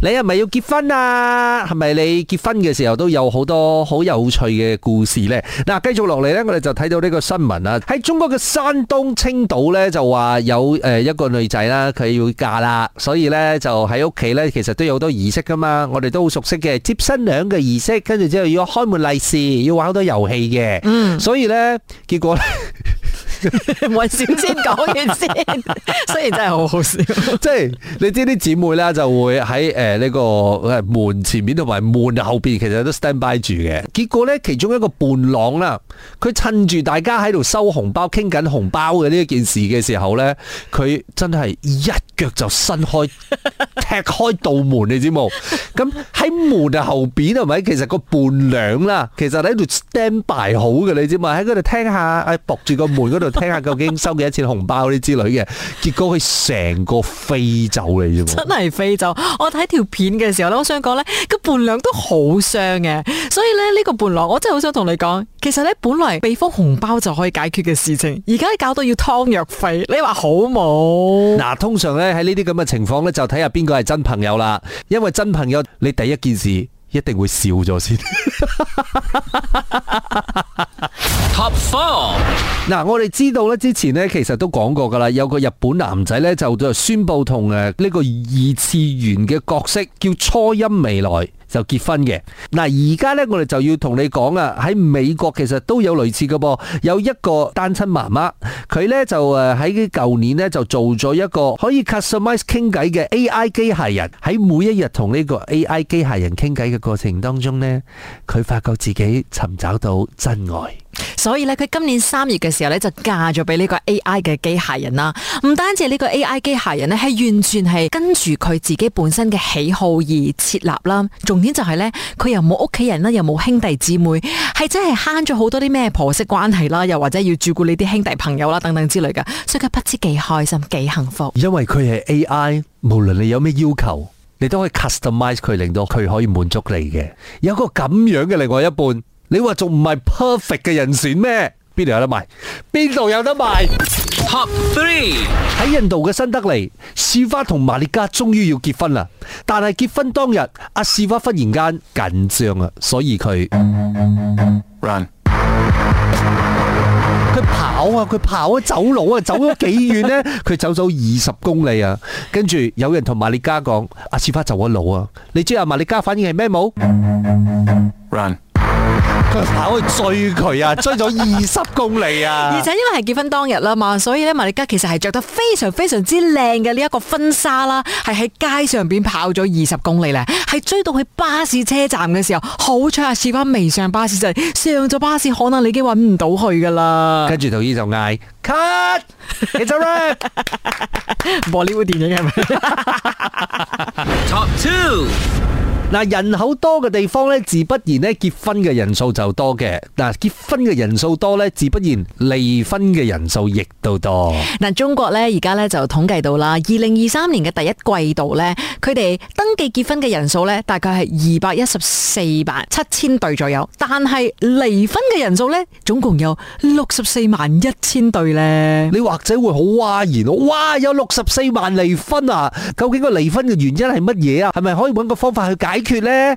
你係咪要結婚啊？係咪你結婚嘅時候都有好多好有趣嘅故事呢？嗱，繼續落嚟呢，我哋就睇到呢個新聞啦。喺中國嘅山東青島呢，就話有誒一個女仔啦，佢要嫁啦，所以呢，就喺屋企呢，其實都有好多儀式噶嘛，我哋都好熟悉嘅，接新娘嘅儀式，跟住之後要開門利是，要玩好多遊戲嘅。嗯，mm. 所以呢，結果咧。 揾小仙講完先，雖然真係好好笑。 即係你知啲姊妹咧，就會喺誒呢個門前面同埋門後邊，其實都 stand by 住嘅。結果咧，其中一個伴郎啦，佢趁住大家喺度收紅包、傾緊紅包嘅呢一件事嘅時候咧，佢真係一腳就伸開踢開道門，你知冇？ 咁喺門啊後邊係咪？其實個伴娘啦，其實喺度 stand by。好嘅，你知嘛？喺嗰度聽下，誒，駁住個門嗰度聽下究竟收幾多錢紅包啲之類嘅， 結果佢成個飛走嚟啫喎！真係飛走！我睇條片嘅時候咧，我想講咧，個伴娘都好傷嘅，所以咧呢個伴郎我真係好想同你講，其實咧本來被封紅包就可以解決嘅事情，而家搞到要湯藥費，你話好冇？嗱，通常咧喺呢啲咁嘅情況咧，就睇下邊個係真朋友啦，因為真朋友。你第一件事一定會笑咗先。Top four，嗱，我哋知道咧，之前咧，其實都講過㗎喇，有個日本男仔咧，就就宣布同誒呢個二次元嘅角色叫初音未來。就結婚嘅。嗱，而家呢，我哋就要同你講啊，喺美國其實都有類似嘅噃，有一個單親媽媽，佢呢就誒喺舊年呢，就做咗一個可以 customize 傾偈嘅 AI 機械人，喺每一日同呢個 AI 機械人傾偈嘅過程當中呢，佢發覺自己尋找到真愛，所以呢，佢今年三月嘅時候呢，就嫁咗俾呢個 AI 嘅機械人啦，唔單止呢個 AI 機械人呢，係完全係跟住佢自己本身嘅喜好而設立啦，重點就係咧，佢又冇屋企人啦，又冇兄弟姊妹，係真係慳咗好多啲咩婆媳關係啦，又或者要照顧你啲兄弟朋友啦等等之類嘅，所以佢不知幾開心幾幸福。因為佢係 AI，無論你有咩要求，你都可以 customize 佢，令到佢可以滿足你嘅。有個咁樣嘅另外一半，你話仲唔係 perfect 嘅人選咩？邊度有得賣？邊度有得賣？Top three 喺印度嘅新德里，斯花同瑪麗加終於要結婚啦。但係結婚當日，阿斯花忽然間緊張啊，所以佢 run，佢跑啊，佢跑路啊，走佬啊，走咗幾遠呢？佢 走咗二十公里啊。跟住有人同瑪麗加講：阿斯花走咗佬啊！你知阿瑪麗加反應係咩冇？run。佢跑去追佢啊，追咗二十公里啊！ 而且因為係結婚當日啦嘛，所以咧瑪麗吉其實係着得非常非常之靚嘅呢一個婚紗啦，係喺街上邊跑咗二十公里咧，係追到去巴士車站嘅時候，好彩啊，事關未上巴士就是、上咗巴士，可能你已經搵唔到佢噶啦。跟住導演就嗌 cut，it's a wrap，播呢部電影係咪 ？Top two，嗱人口多嘅地方咧，自不然咧結婚嘅人數就多嘅。嗱，結婚嘅人數多呢，自不然離婚嘅人數亦都多。嗱，中國呢，而家呢，就統計到啦，二零二三年嘅第一季度呢，佢哋登記結婚嘅人數呢，大概係二百一十四萬七千對左右，但係離婚嘅人數呢，總共有六十四萬一千對呢。你或者會好嘩然，哇，有六十四萬離婚啊？究竟個離婚嘅原因係乜嘢啊？係咪可以揾個方法去解決呢？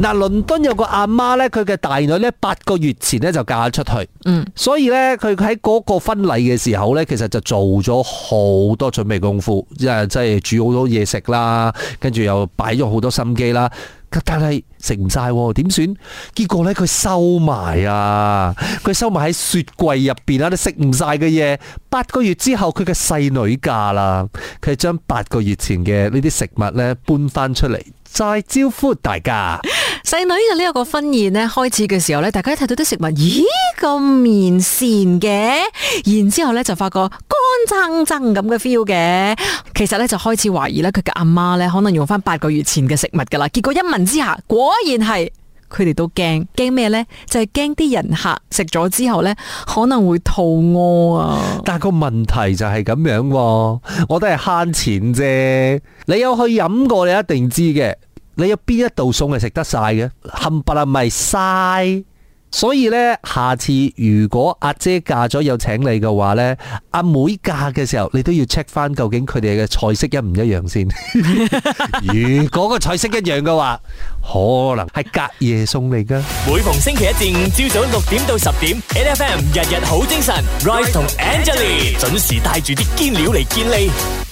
嗱，倫敦有個阿媽咧，佢嘅大女咧八個月前咧就嫁咗出去，嗯，所以咧佢喺嗰個婚禮嘅時候咧，其實就做咗好多準備功夫，即係即係煮好多嘢食啦，跟住又擺咗好多心機啦，但係食唔晒，點算？結果咧佢收埋啊，佢收埋喺雪櫃入邊啦，你食唔晒嘅嘢，八個月之後佢嘅細女嫁啦，佢將八個月前嘅呢啲食物咧搬翻出嚟，再招呼大家。 細女嘅呢一個婚宴咧，開始嘅時候咧，大家一睇到啲食物，咦，咁面善嘅，然之後咧就發覺乾爭爭咁嘅 feel 嘅，其實呢，就開始懷疑呢，佢嘅阿媽呢，可能用翻八個月前嘅食物噶啦，結果一問之下，果然係，佢哋都驚，驚咩呢？就係驚啲人客食咗之後呢，可能會肚屙啊！但個問題就係咁樣喎，我都係慳錢啫，你有去飲過，你一定知嘅。你有邊一道餸係食得晒嘅？冚唪唥咪嘥，所以咧，下次如果阿姐嫁咗又請你嘅話咧，阿妹嫁嘅時候，你都要 check 翻究竟佢哋嘅菜式一唔一樣先。 如果個菜式一樣嘅話，可能係隔夜餸嚟噶。 每逢星期一至五朝早六點到十點，NFM 日日好精神，Rise 同 Angelie 準時帶住啲堅料嚟堅你。